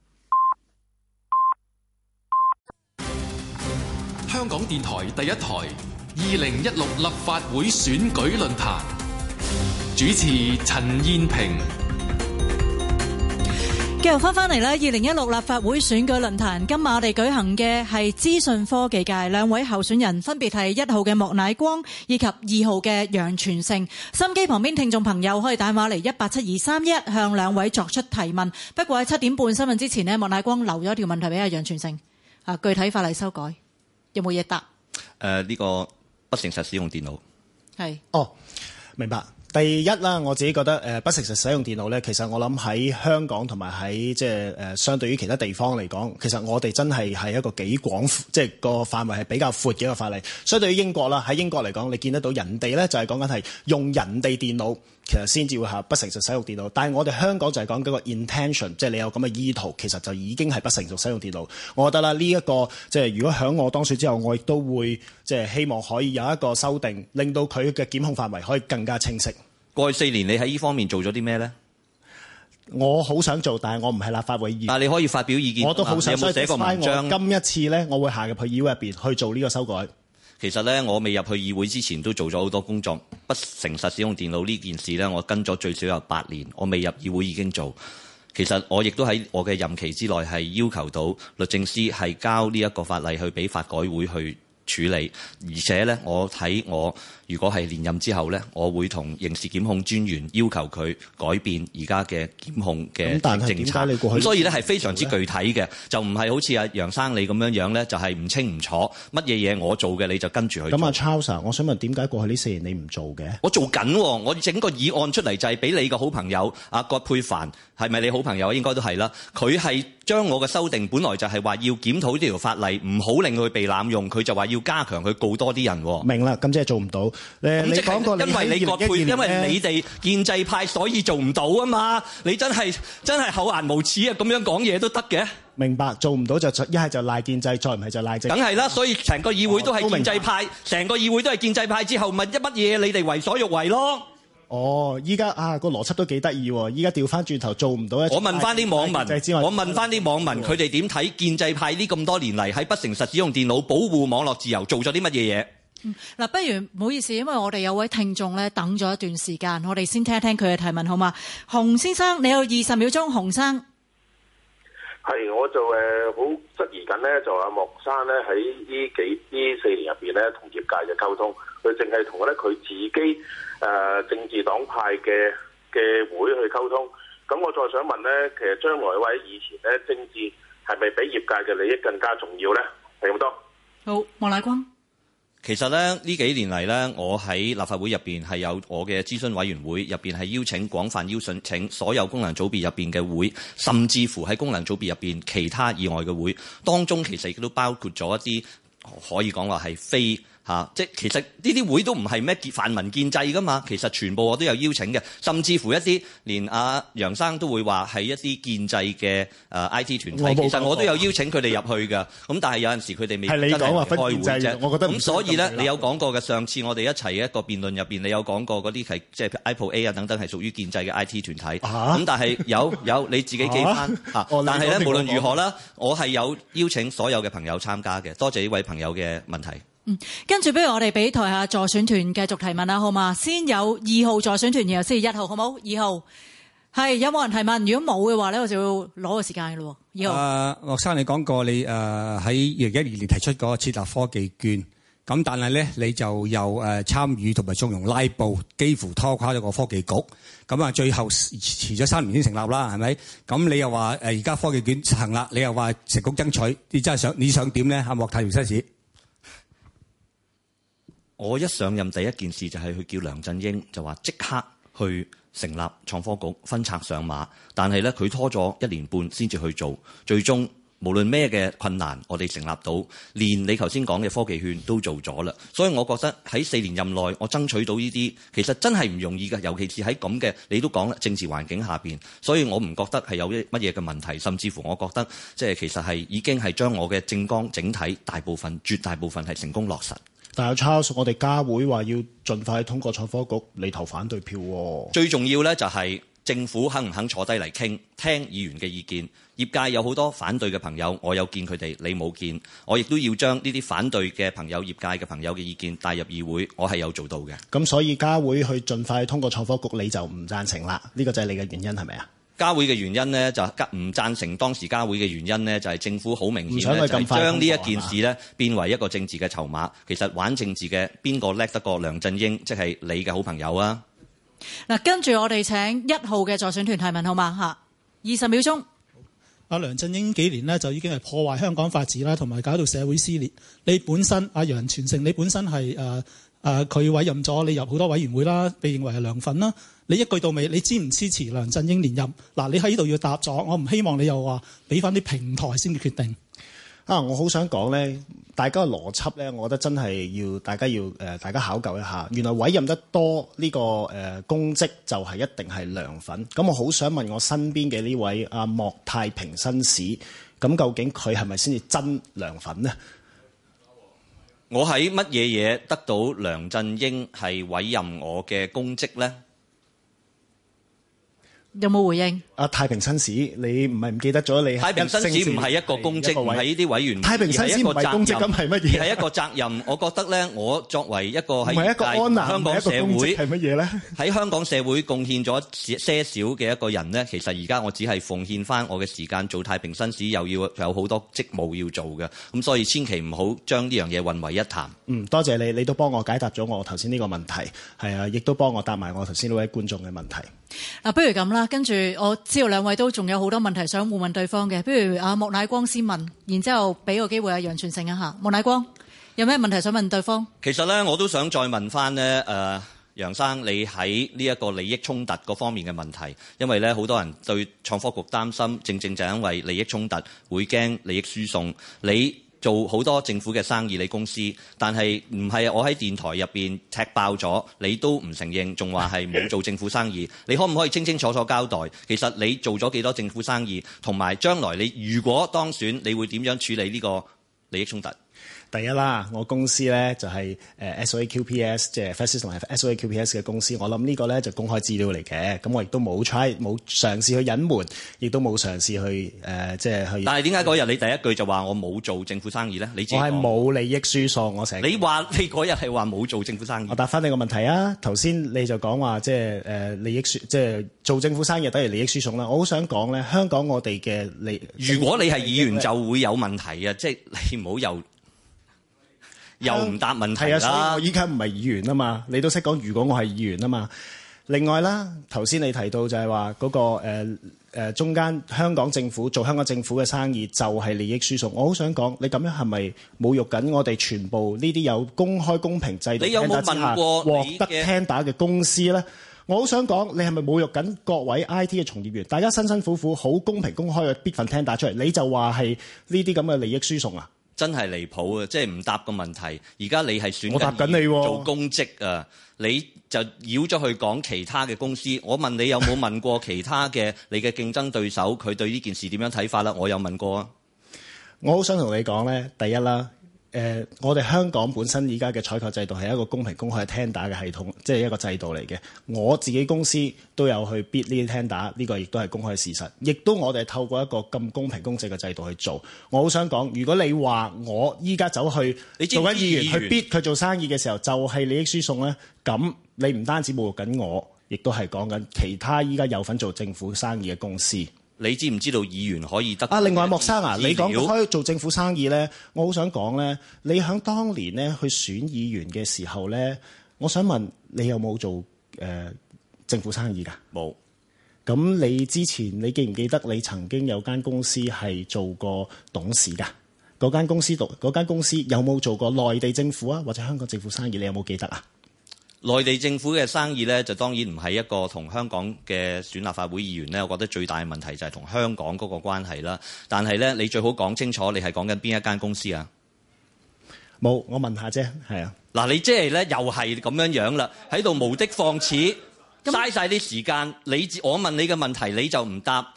B: 香港電台第一台二零一六立法會選舉論壇。主持陳燕平，
A: 繼續翻翻嚟呢，二零一六立法會選舉論壇，今晚我哋舉行嘅係資訊科技界兩位候選人，分別係一號嘅莫乃光以及二號嘅楊全盛。心機旁邊聽眾朋友可以打電話嚟一八七二三一，向兩位作出提問。不過喺七點半新聞之前咧，莫乃光留咗一條問題俾阿楊全盛啊，具體法例修改有冇嘢答？
C: 誒、呃，呢、呢個不誠實使用電腦
A: 係，
B: 哦，明白。第一啦，我自己覺得誒不誠實使用電腦咧，其實我諗喺香港同埋喺即係相對於其他地方嚟講，其實我哋真係係一個幾廣闊即係個範圍係比較闊嘅一個法例。所以對於英國啦，喺英國嚟講，你見得到人哋咧就係講緊係用人哋電腦。其實先至會係不成熟使用電腦，但係我哋香港就係講嗰個 intention，即係你有咁嘅意圖，其實就已經係不成熟使用電腦。我覺得啦、這個，呢一個即係如果響我當選之後，我亦都會即係希望可以有一個修訂，令到佢嘅檢控範圍可以更加清晰。
C: 過去四年你喺呢方面做咗啲咩呢？
B: 我好想做，但係我唔係立法會議員。
C: 但係你可以發表意見，我都好想。有冇寫過文章？今
B: 一次呢，我會下入去議會入面去做呢個修改。
C: 其實咧，我未入去議會之前都做咗好多工作。不誠實使用電腦呢件事咧，我跟咗最少有八年。我未入議會已經做。其實我亦都喺我嘅任期之內係要求到律政司係交呢一個法例去畀法改會去處理。而且咧，我睇我。如果係連任之後咧，我會同刑事檢控專員要求佢改變而家嘅檢控嘅政策。咁但係，所以咧係非常之具體嘅，就唔係好似啊楊生你咁樣樣咧，就係、是、唔清唔楚乜嘢嘢我做嘅你就跟住佢咁
B: 啊，Charles，我想問點解過去呢四年你唔做嘅？
C: 我做緊，啊，我整個議案出嚟就係俾你個好朋友啊葛珮帆，係咪你好朋友？應該都係啦。佢係將我嘅修訂，本來就係話要檢討呢條法例，唔好令佢被濫用。佢就話要加強佢告多啲人。
B: 明啦，咁即係做唔到。誒，你講過你建制一因為你哋
C: 建制派，所以做唔到啊嘛！你真係真係厚顏無恥
B: 啊，咁樣講嘢都得嘅？明白，做唔到就一係就賴建制，再唔係就賴政。梗係啦，所以
C: 成個議會都係建制派，成、哦、個議會都係建、建制派之後，咪一乜嘢你哋為所欲為
B: 咯？哦，依家啊，個邏輯都幾得意喎！依家調翻轉頭做唔到咧，我問翻啲網民，我問
C: 翻啲網民，佢哋點睇建制派呢？咁多年嚟喺不誠實使用電腦、保護網絡自由，做咗啲乜嘢嘢？
A: 嗱、嗯啊，不如唔好意思，因為我哋有位聽眾咧等咗一段時間，我哋先聽一聽佢嘅提問好嘛？洪先生，你有二十秒鐘，洪生
B: 係，我就誒好質疑緊咧，就阿、是、莫生咧喺呢幾呢四年入邊咧，同業界嘅溝通，佢淨係同咧佢自己誒、呃、政治黨派嘅嘅會去溝通。咁我再想問咧，其實將來或者以前咧，政治係咪比業界嘅利益更加重要咧？係咁多。
A: 好，莫乃光。
C: 其實咧呢幾年嚟咧，我喺立法會入面係有我嘅諮詢委員會，入面係邀請，廣泛邀請所有功能組別入面嘅會，甚至乎喺功能組別入面其他以外嘅會，當中其實亦都包括咗一啲可以講話係非。嚇、啊！即係其實呢啲會都唔係咩泛民建制噶嘛。其實全部我都有邀請嘅，甚至乎一啲連阿、啊、楊生都會話係一啲建制嘅誒 I T 團體、那個。其實我都有邀請佢哋入去噶。咁 但係有陣時佢哋未真係開會啫。我覺得咁所以咧，你有講過嘅上次我哋一齊一個辯論入邊，你有講過嗰啲係即係 Apple A 啊等等係屬於建制嘅 I T 團體。咁、啊、但係有有你自己記翻嚇。但係咧， 無論如何啦，我係有邀請所有嘅朋友參加嘅。 多謝呢位朋友嘅問題。
A: 嗯，跟住，不如我哋俾台下助選團繼續提問啦，好嘛？先有二號助選團，然後先係一號，好冇？二號係有冇人提問？如果冇嘅話咧，我就要攞個時間咯。二號，
C: 誒、啊，莫生你講過你誒喺二零一二年提出嗰個設立科技券，咁但係咧你就又誒參與同埋縱容拉布，幾乎拖垮咗個科技局，咁啊最後遲咗三年先成立啦，係咪？咁你又話誒而家科技券行啦，你又話成功爭取，你真係想你想點咧？吓、啊、莫太榮妻子。我一上任第一件事就係去叫梁振英，就話即刻去成立創科局分拆上馬。但係咧，佢拖咗一年半先至去做。最終無論咩嘅困難，我哋成立到，連你頭先講嘅科技券都做咗啦。所以我覺得喺四年任內，我爭取到呢啲其實真係唔容易嘅，尤其是喺咁嘅你都講啦政治環境下邊。所以我唔覺得係有乜嘢嘅問題，甚至乎我覺得即係其實係已經係將我嘅政綱整體大部分
B: 絕大部分係成功落實。但有抄數我哋家會話要盡快通過創科局，你投反對票、哦。
C: 最重要呢，就係政府肯唔肯坐低嚟傾，聽議員嘅意見。業界有好多反對嘅朋友，我有見佢哋，你冇見。我亦都要將呢啲反對嘅朋友，業界嘅朋友嘅意見帶入議會，我係有做到嘅。
B: 咁所以家會去盡快通過創科局，你就唔讚成啦？呢個就係你嘅原因係咪啊？
C: 家會嘅原因呢，就唔贊成當時家會嘅原因呢，就係政府好明顯咧，將呢一件事呢，變為一個政治嘅籌碼。其實玩政治嘅邊個叻得過梁振英，即係你嘅好朋友啊？
A: 嗱，跟住我哋請一號嘅助選團提問好嗎？嚇，二十秒鐘。
B: 阿梁振英幾年呢，就已經係破壞香港法治啦，同埋搞到社會撕裂。你本身阿楊傳成，你本身係誒。呃誒、啊，佢委任咗你入好多委員會啦，被認為係梁粉啦。你一句到尾，你支唔支持梁振英連任？嗱、啊，你喺呢度要答咗，我唔希望你又話俾翻啲平台先嘅決定。啊，我好想講呢，大家嘅邏輯呢，我覺得真係要大家要誒、呃，大家考究一下。原來委任得多呢、這個誒、呃、公職，就係一定係梁粉。咁我好想問我身邊嘅呢位阿、啊、莫太平紳士，咁究竟佢係咪先至真梁粉呢？
C: 我喺乜嘢嘢得到梁振英係委任我嘅公職咧？
A: 有冇回應？
B: 太平紳士你唔係唔記得咗？你，你太平紳士唔係一個公職，唔係呢啲委員，太平紳士唔係一個公職，咁係乜嘢？係
C: 一個責任。責任 我覺得咧，我作為一個喺香港社會，係乜嘢咧？喺香港社會貢獻咗些少嘅一個人咧， 其實而家我只係奉獻翻我嘅時間做太平紳士，又要有好多職務要做嘅。咁所以千祈唔好將
B: 呢樣嘢混為一談。嗯，多謝你，你都幫我解答咗我頭先呢個問題，係啊，亦都幫我答埋我頭先呢位觀眾嘅問題。
A: 嗱、啊，不如咁啦，跟住我。之後兩位都仲有好多問題想互問對方嘅，不如阿莫乃光先問，然之後俾個機會阿楊全盛一下。莫乃光有咩問題想問對方？
C: 其實呢，我都想再問翻呢。誒、呃、楊生，你喺呢一個利益衝突嗰方面嘅問題，因為呢好多人對創科局擔心，正正就因為利益衝突會驚利益輸送。你做好多政府嘅生意，你公司，但係唔係我喺電台入邊踢爆咗，你都唔承認，仲話係冇做政府生意，你可唔可以清清楚楚交代，其實你做咗幾多政府生意，同埋將來你如果當選，你會點樣處理呢個利益衝突？
B: 第一啦，我公司咧就係誒 S O A Q P S，即係 fastest 同埋 S O A Q P S 嘅公司。我諗呢個咧就公開資料嚟嘅，咁我亦都冇 try 冇嘗試去隱瞞，亦都冇嘗試去誒，即係、呃、就係、去。但係
C: 點解嗰日你第一句就話我冇做政府生意咧？你我係冇
B: 利益輸送，我成日。你話你嗰日係話冇
C: 做政府生意？
B: 我答翻你個問題啊！頭先你就講話即係誒利益輸，即係、就係、做政府生意等於利益輸送啦。我好想講咧，香港我哋嘅利，如果你係議員就
C: 會有問題啊！即係、就係、你唔好又。又唔答問題、嗯啊、所以。我依
B: 家唔係議員啊嘛，你都識講。如果我係議員啊嘛，另外啦，頭先你提到就係話嗰個誒、呃、中間香港政府做香港政府嘅生意就係利益輸送。我好想講，你咁樣係咪侮辱緊我哋全部呢啲有公開公平制度獲公？你有冇問過得 Tender 嘅公司咧？我好想講，你係咪侮辱緊各位 I T 嘅從業員？大家辛辛苦苦好公平公開嘅必份 Tender 出嚟，你就話係呢啲咁嘅利益輸送啊？
C: 真係離譜啊！即係唔答個問題。而家你係選我答你做公職啊，你就繞咗去講其他嘅公司。我問你有冇問過其他嘅你嘅競爭對手佢 對呢件事點樣睇法啦？我有問過
B: 啊。我好想同你講咧，第一啦。誒、呃，我哋香港本身而家嘅採購制度係一個公平公開聽打嘅系統，即係一個制度嚟嘅。我自己公司都有去逼呢啲聽打，呢個亦都係公開事實。亦都我哋透過一個咁公平公正嘅制度去做。我好想講，如果你話我依家走去做緊議員，議員去逼佢做生意嘅時候，就係、是、利益輸送呢。咁你唔單止侮辱緊我，亦都係講緊其他依家有份做政府生意嘅公司。
C: 你知唔知道，議員可以得到啊？另外莫，莫
B: 生啊，你講開做政府生意呢，我好想講呢。你喺當年呢去選議員嘅時候呢，我想問你有冇做誒、呃、政府生意㗎？冇。噉你之前你記唔記得你曾經有間公司係做過董事㗎？嗰間公司度嗰間公司有冇做過內地政府啊，或者香港政府生意？你有冇記得啊？
C: 內地政府嘅生意呢，就當然唔係一個同香港嘅選立法會議員呢，我覺得最大嘅問題就係同香港嗰個關係啦。但係呢，你最好講清楚，你係講緊邊一間公司啊？
B: 冇，我問下啫，係啊。
C: 嗱，你即係呢，又係咁樣樣啦，喺度無的放矢，嘥晒啲時間。你我問你嘅問題，你就唔答。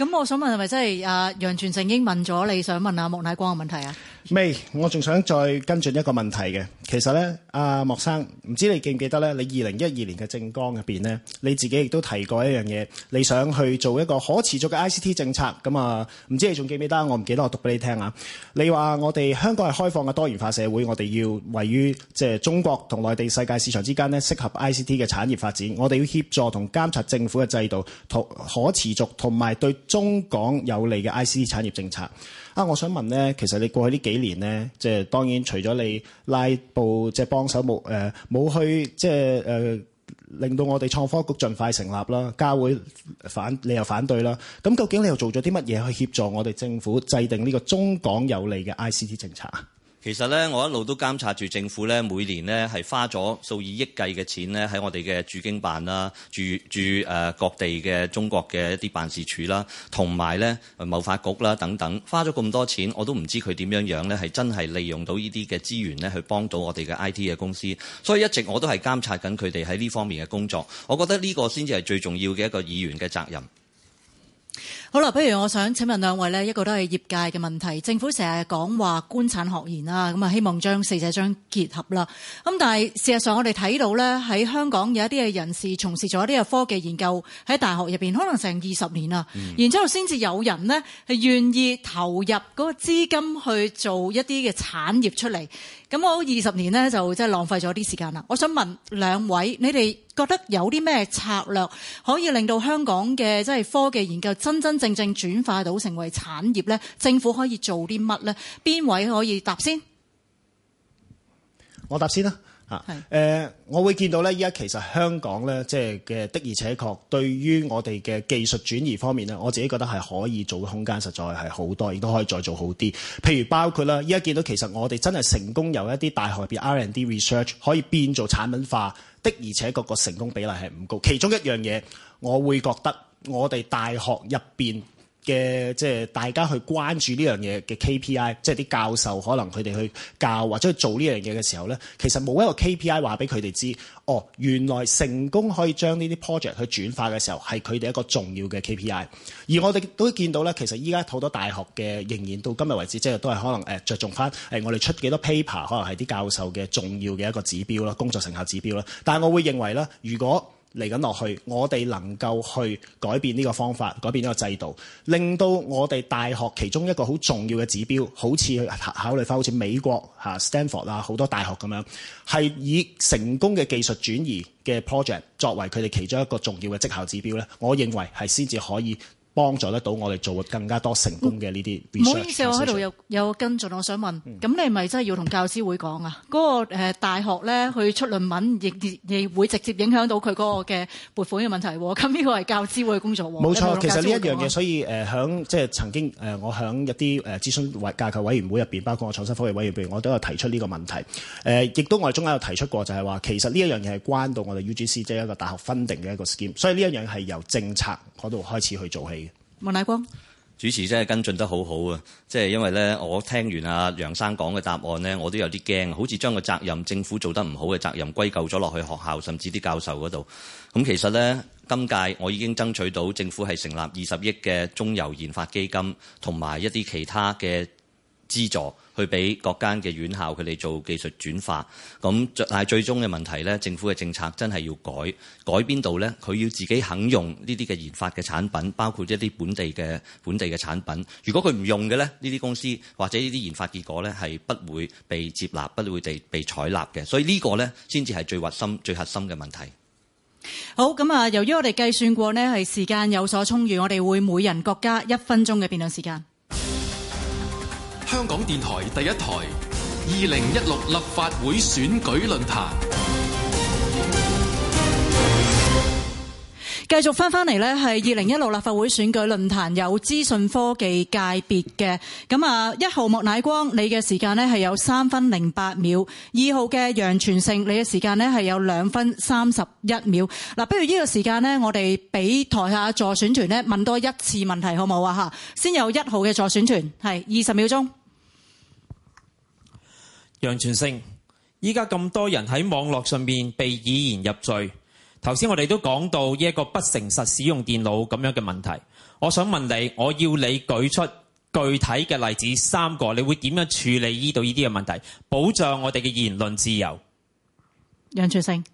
A: 咁我想問係咪真係啊楊全成，應問咗你想問啊莫乃光嘅問題啊？
B: 未，我仲想再跟進一個問題嘅。其實咧，啊莫生，唔知你記唔記得咧？你二零一二年嘅政綱入邊咧，你自己亦都提過一樣嘢，你想去做一個可持續嘅 I C T 政策。咁、嗯、啊，唔知你仲記唔記得？我唔記得，我讀俾你聽啊。你話我哋香港係開放嘅多元化社會，我哋要位於即係中國同內地世界市場之間咧，適合 I C T 嘅產業發展。我哋要協助同監察政府嘅制度，同可持續同埋對。中港有利嘅 ICT 產業政策啊！我想問咧，其實你過去呢幾年咧，即係當然除咗你拉布即係幫手冇誒冇去即係誒令到我哋創科局盡快成立啦，教會反你又反對啦，咁究竟你又做咗啲乜嘢去協助我哋政府制定呢個中港有利嘅 ICT 政策啊？
C: 其實咧，我一路都監察住政府咧，每年咧係花咗數以億計嘅錢咧，喺我哋嘅駐京辦啦、駐駐誒各地嘅中國嘅一啲辦事處啦，同埋咧貿發局啦等等，花咗咁多錢，我都唔知佢點樣樣咧，係真係利用到呢啲嘅資源咧，去幫到我哋嘅 I T 嘅公司。所以一直我都係監察緊佢哋喺呢方面嘅工作。我覺得呢個先至係最重要嘅一個議員嘅責任。
A: 好啦，不如我想請問兩位呢一個都係業界嘅問題。政府成日講話官產學研啦，咁啊希望將四者相結合啦。咁但係事實上我哋睇到咧，喺香港有一啲嘅人士從事咗一啲嘅科技研究喺大學入面可能成二十年啦，嗯，然之後先至有人呢係願意投入嗰個資金去做一啲嘅產業出嚟。咁我二十年呢就真係浪費咗啲時間啦。我想問兩位，你哋覺得有啲咩策略可以令到香港嘅即係科技研究真真正正轉化到成為產業呢，政府可以做啲乜呢？邊位可以答先？
B: 我答先啦、呃。我會見到呢，依家其實香港呢，即係的而且確，對於我哋嘅技術轉移方面呢，我自己覺得係可以做嘅空間實在係好多，亦都可以再做好啲。譬如包括啦，依家見到其實我哋真係成功由一啲大學入邊 R&D research 可以變做產品化的，的而且確個成功比例係唔高。其中一樣嘢，我會覺得。我哋大學入邊嘅即係大家去關注呢樣嘢嘅 KPI，即係啲教授可能佢哋去教或者去做呢樣嘢嘅時候咧，其實冇一個 KPI 話俾佢哋知。哦，原來成功可以將呢啲 project 去轉化嘅時候，係佢哋一個重要嘅 KPI。而我哋都見到咧，其實依家好多大學嘅仍然到今日為止，即係都係可能誒、呃、着重翻、呃、我哋出幾多 paper，可能係啲教授嘅重要嘅一個指標啦，工作成效指標啦。但係我會認為咧，如果嚟緊落去，我哋能夠去改變呢個方法，改變呢個制度，令到我哋大學其中一個好重要嘅指標，好似考慮返好似美國 Stanford 啊好多大學咁樣，係以成功嘅技術轉移嘅 project 作為佢哋其中一個重要嘅績效指標咧，我認為係先至可以幫助得到我哋做更加多成功嘅呢啲 research。唔好意思我喺度有
A: 有跟進，我想問，咁、嗯、你咪真係要同教資會講啊？嗰、那個大學咧去出論文，亦亦會直接影響到佢嗰個嘅撥款嘅問題喎、啊。咁呢個係教資會嘅工作喎、啊。冇錯、啊，其實呢一樣嘢，所
B: 以誒響、呃、即係曾經誒、呃、我響一啲誒諮詢委、架構委員會入邊，包括我創新科技委員會，譬如我都有提出呢個問題。誒、呃，亦都我哋中間有提出過就，就係話其實呢一樣嘢係關到我哋 UGC 即係一個大學分定嘅一個 scheme，所以呢一樣係由政策嗰度開始去做起。
A: 莫乃光，
C: 主持真係跟進得好好啊！即係因為咧，我聽完阿楊生講嘅答案咧，我都有啲驚，好似將個責任政府做得唔好嘅責任歸咎咗落去學校，甚至啲教授嗰度。咁其實咧，今屆我已經爭取到政府係成立二十億嘅中游研發基金，同埋一啲其他嘅。資助去俾各間嘅院校，佢哋做技術轉化。咁，但係最終嘅問題呢，政府嘅政策真係要改改邊度呢？佢要自己肯用呢啲嘅研發嘅產品，包括一啲本地嘅本地嘅產品。如果佢唔用嘅呢，呢啲公司或者呢啲研發結果呢，係不會被接納，不會被被採納嘅。所以呢個呢，先至係最核心、最核心嘅問題。
A: 好，咁啊，由於我哋計算過呢，係時間有所充裕，我哋會每人各加一分鐘嘅辯論時間。
B: 香港電台第一台，二零一六立法會選舉論壇
A: 繼續。翻翻嚟，呢係二零一六立法會選舉論壇有資訊科技界別嘅。咁啊。一號莫乃光，你嘅時間呢係有三分零八秒；二號嘅楊全勝，你嘅時間呢係有兩分三十一秒。嗱，不如呢個時間呢，我哋俾台下助選團呢問多一次問題，好唔好啊？吓，先有一號嘅助選團係二十秒鐘。
C: 楊全勝，依家咁多人喺網絡上面被以言入罪。頭先我哋都講到依一個不誠實使用電腦咁樣嘅問題，我想問你，我要你舉出具體嘅例子三個，你會點樣處理依度呢啲嘅問題，保障我哋嘅言論自由？
A: 楊全勝。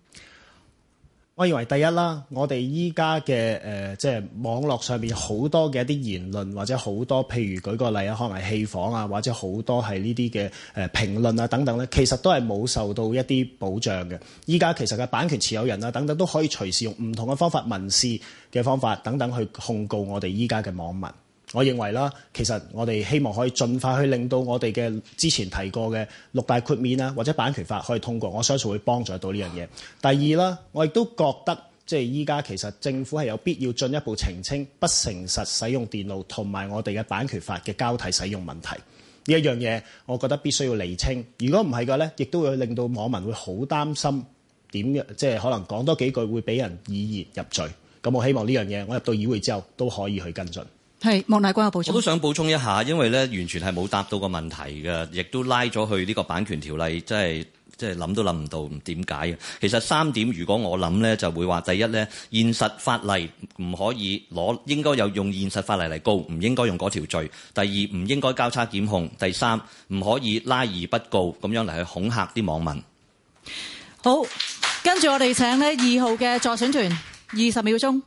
A: 我認
B: 為第一啦，我哋依家嘅即係網絡上邊好多嘅一啲言論，或者好多譬如舉個例啊，可能係戲房啊，或者好多係呢啲嘅誒評論啊等等咧，其實都係冇受到一啲保障嘅。依家其實嘅版權持有人啊等等都可以隨時用唔同嘅方法、民事嘅方法等等去控告我哋依家嘅網民。我認為啦，其實我哋希望可以盡快去令到我哋嘅之前提過嘅六大豁免啊，或者版權法可以通過，我相信會幫助到呢樣嘢。第二啦，我亦都覺得即係依家其實政府係有必要進一步澄清不誠實使用電腦同埋我哋嘅版權法嘅交替使用問題呢一樣嘢，我覺得必須要釐清。如果唔係嘅咧，亦都會令到網民會好擔心點樣，即係可能講多幾句會俾人以言入罪。咁我希望呢樣嘢，我入到議會之後都可以去跟進。
A: 係莫乃光有補充？我都
C: 想補充一下，因為咧完全係冇答到個問題嘅，亦都拉咗去呢個版權條例，即係即係諗都諗唔到點解啊！其實三點，如果我諗咧，就會話：第一咧，現實法例唔可以攞，應該有用現實法例嚟告，唔應該用嗰條罪；第二，唔應該交叉檢控；第三，唔可以拉而不告咁樣嚟去恐吓啲網民。
A: 好，跟住我哋請呢二號嘅助選團二十秒鐘。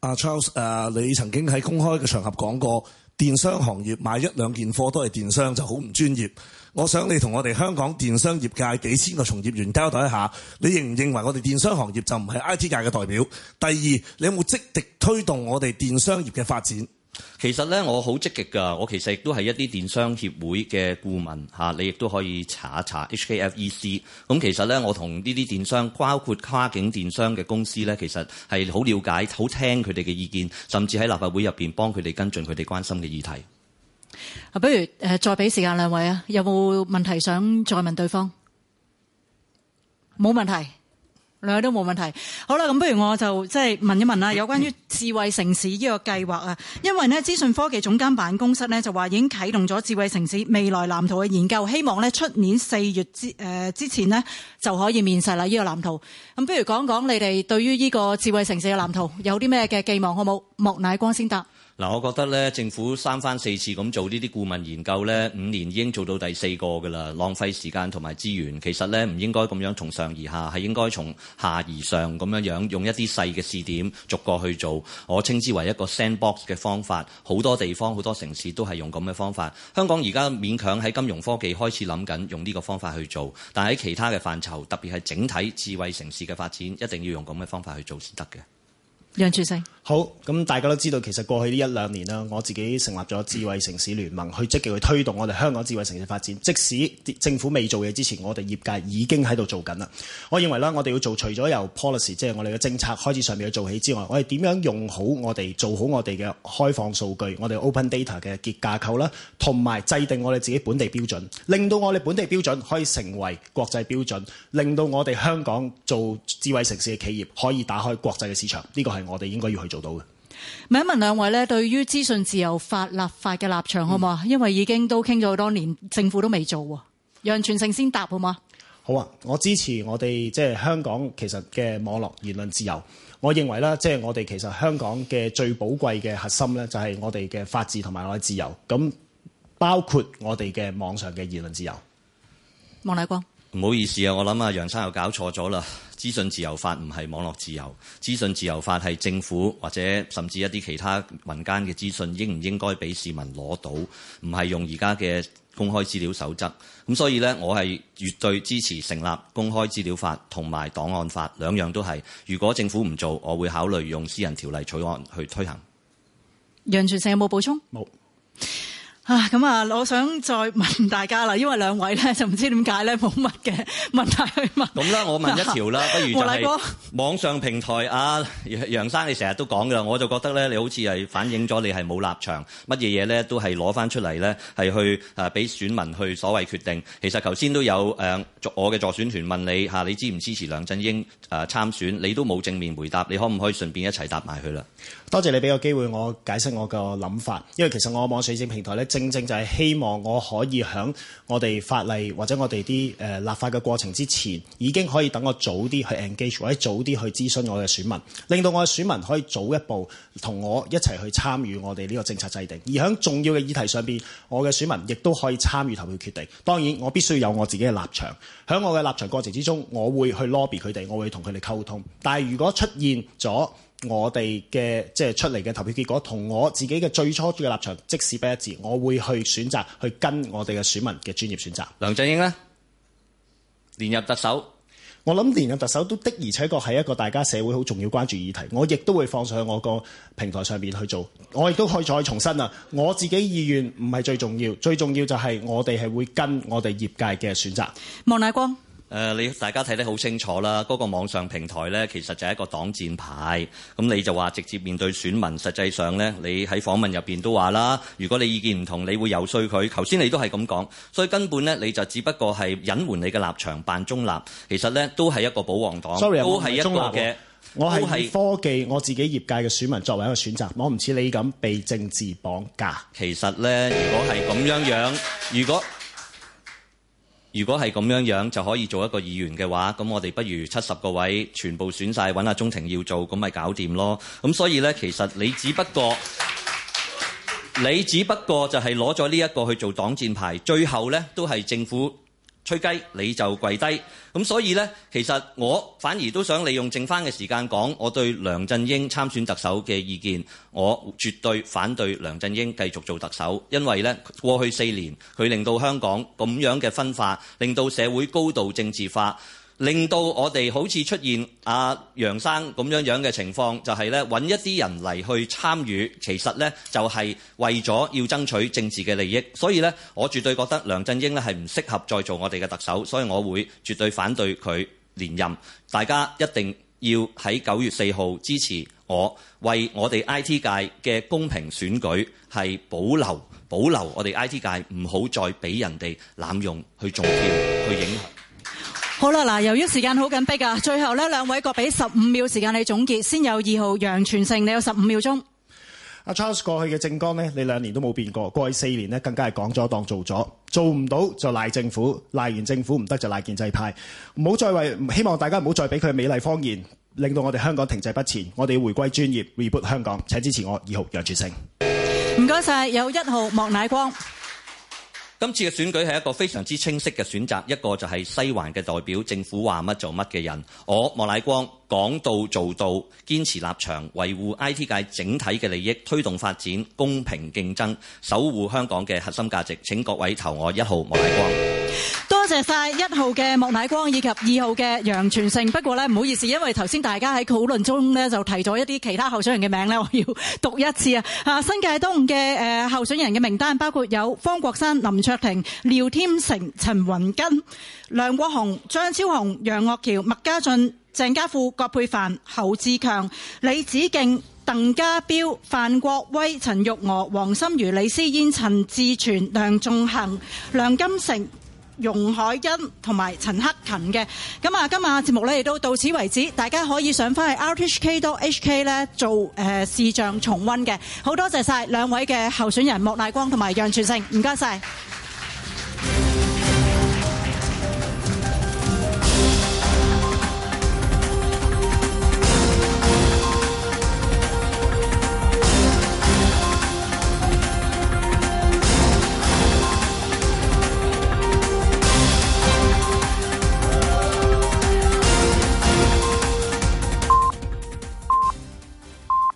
C: 阿 Charles，你曾經喺公開嘅場合講過，電商行業買一兩件貨都係電商就好唔專業。我想你同我哋香港電商業界幾千個從業員交代一下，你認唔認為我哋電商行業就唔係 IT 界嘅代表？第二，你有冇積極推動我哋電商業嘅發展？其實咧，我好積極噶。我其實亦都係一啲電商協會嘅顧問吓，你亦都可以查一查 HKFEC。咁其實咧，我同呢啲電商，包括跨境電商嘅公司咧，其實係好了解，好聽佢哋嘅意見，甚至喺立法會入邊幫佢哋跟進佢哋關心嘅議題。
A: 啊，不如誒，再俾時間兩位啊，有冇問題想再問對方？冇問題。兩個都冇問題，好啦，咁不如我就即係問一問啦，有關於智慧城市呢個計劃啊，因為呢資訊科技總監辦公室呢就話已經啟動咗智慧城市未來藍圖嘅研究，希望呢出年四月之誒之前呢就可以面世啦呢個藍圖。咁不如講講你哋對於呢個智慧城市嘅藍圖有啲咩嘅寄望好冇？莫乃光先答。
C: 嗱，我覺得咧，政府三番四次咁做呢啲顧問研究咧，五年已經做到第四個㗎啦，浪費時間同埋資源。其實咧，唔應該咁樣從上而下，係應該從下而上咁樣樣用一啲細嘅試點，逐個去做。我稱之為一個 sandbox 嘅方法。好多地方、好多城市都係用咁嘅方法。香港而家勉強喺金融科技開始諗緊用呢個方法去做，但係喺其他嘅範疇，特別係整體智慧城市嘅發展，一定要用咁嘅
B: 方法去做先得嘅。楊柱成。好，咁大家都知道，其實過去呢一兩年啦，我自己成立咗智慧城市聯盟，去積極去推動我哋香港智慧城市發展。即使政府未做嘢之前，我哋業界已經喺度做緊啦。我認為咧，我哋要做除咗由 policy，即係我哋嘅政策開始上面去做起之外，我哋點樣用好我哋做好我哋嘅開放數據，我哋 open data 嘅結架構啦，同埋制定我哋自己本地標準，令到我哋本地標準可以成為國際標準，令到我哋香港做智慧城市嘅企業可以打開國際嘅市場。呢個係。我哋應該要去做到嘅。
A: 問一問兩位咧，對於資訊自由法立法嘅立場好嘛？嗯、因為已經都傾咗好多年，政府都未做。楊全成先答好嘛？
B: 好啊，我支持我哋即係香港其實嘅網絡言論自由。我認為咧，即係我哋其實香港嘅最寶貴嘅核心咧，就係我哋嘅法治同埋我哋自由。咁包括我哋嘅網上嘅言論自由。
A: 莫禮光，
C: 唔好意思啊，我諗啊，楊生又搞錯咗啦。資訊自由法唔係網絡自由，資訊自由法係政府或者甚至一啲其他民間嘅資訊，應唔應該俾市民攞到？唔係用而家嘅公開資料守則。咁所以呢，我係絕對支持成立公開資料法同埋檔案法兩樣都係。如果政府唔做，我會考慮用私人條例草案去推行。
A: 楊全成有冇補充？冇。啊，咁啊，我想再問大家啦，因為兩位咧就唔知點解咧冇乜嘅問
C: 題去問。咁啦，我問一條啦，啊，不如就係、是、網上平台啊，楊生你成日都講噶啦，我就覺得咧你好似係反映咗你係冇立場乜嘢嘢咧都係攞翻出嚟咧係去誒俾、啊、選民去所謂決定。其實頭先都有誒、啊、我嘅助選團問你吓、啊，你支唔支持梁振英誒參、啊、選，你都冇正面回答，你可唔可以順便一齊答埋佢啦？
B: 多謝你俾個機會，我解釋我個諗法，因為其實我網上性平台咧。正正就係希望我可以喺我哋法例或者我哋啲誒立法嘅過程之前，已經可以等我早啲去 engage，或者早啲去諮詢我嘅選民，令到我嘅選民可以早一步同我一齊去參與我哋呢個政策制定。而喺重要嘅議題上邊，我嘅選民亦都可以參與投票決定。當然，我必須有我自己嘅立場。喺我嘅立場過程之中，我會去 lobby 佢哋，我會同佢哋溝通。但係如果出現咗，我哋嘅即係出嚟嘅投票結果，同我自己嘅最初嘅立場即使不一致，我會去選擇去跟我哋嘅選民嘅專業選擇。梁振英咧，連任特首，我諗連任特首都的而且確係一個大家社會好重要關注議題，我亦都會放上我個平台上面去做。我亦都可以再重申啊，我自己意願唔係最重要，最重要就係我哋係會跟我哋業界嘅選擇。
A: 莫乃光。
C: 誒、呃，你大家睇得好清楚啦。嗰、嗰個網上平台咧，其實就係一個擋箭牌。咁你就話直接面對選民，實際上咧，你喺訪問入邊都話啦。如果你意見唔同，你會遊說佢。頭先你都係咁講，所以根本咧，你就只不過係隱瞞你嘅立場扮中立。其實咧，都係一個保皇黨，都係一個嘅。
B: 我係科技我自己業界嘅選民作為一個選擇，我唔似你咁被政治綁架。
C: 其實咧，如果係咁樣樣，如果。如果係咁樣樣就可以做一個議員嘅話，咁我哋不如七十個位全部選曬，揾下中庭要做，咁咪搞掂咯。咁所以呢，其實你只不過，你只不過就係攞咗呢一個去做擋箭牌，最後呢都係政府。吹雞你就跪低，咁所以呢，其實我反而都想利用剩翻嘅時間講我對梁振英參選特首嘅意見。我絕對反對梁振英繼續做特首，因為呢過去四年佢令到香港咁樣嘅分化，令到社會高度政治化。令到我哋好似出現阿、啊、楊生咁樣樣嘅情況，就係、是、呢揾一啲人嚟去參與，其實呢，就係、是、為咗要爭取政治嘅利益。所以呢，我絕對覺得梁振英呢係唔適合再做我哋嘅特首，所以我會絕對反對佢連任。大家一定要喺九月四號支持我，為我哋 IT 界嘅公平選舉，係保留保留我哋 IT 界，唔好再俾人哋濫用去做票
B: 去影響。
A: 好啦，嗱，由於時間好緊迫啊，最後呢兩位各俾十五秒時間你總結，先有二號楊全盛你有十五秒鐘。
B: 阿 Charles 過去嘅政綱呢，你兩年都冇變過，過去四年呢，更加係講咗當做咗，做唔到就賴政府，賴完政府唔得就賴建制派，唔好再為希望大家唔好再俾佢美麗謊言，令到我哋香港停滯不前，我哋要回歸專業 Reboot 香港，請支持我二號楊全盛。
A: 唔該晒，有一號莫乃光。
C: 今次嘅選舉係一個非常之清晰嘅選擇，一個就係西環嘅代表，政府話乜做乜嘅人。我，莫乃光。講到做到，堅持立場，維護 IT 界整體嘅利益，推動發展，公平競爭，守護香港嘅核心價值。請各位投我一號莫乃光。
A: 多謝晒一號嘅莫乃光以及二號嘅楊全勝。不過呢唔好意思，因為頭先大家喺討論中呢就提咗一啲其他候選人嘅名呢，我要讀一次啊！啊，新界東嘅誒候選人嘅名單包括有方國山、林卓廷、廖天成、陳雲根、梁國雄、張超雄、楊岳橋、麥家俊。鄭家富、郭佩凡、侯志強、李梓敬、鄧家彪、范國威、陳玉娥、黃心如、李思燕、陳志全、梁仲恆、梁金成、容海欣同埋陳克勤嘅，咁啊，今晚嘅節目呢，亦都到此為止，大家可以上翻去 rthk.hk 呢，做誒視像重溫嘅，好多謝晒兩位嘅候選人莫乃光同埋楊全盛。唔該晒。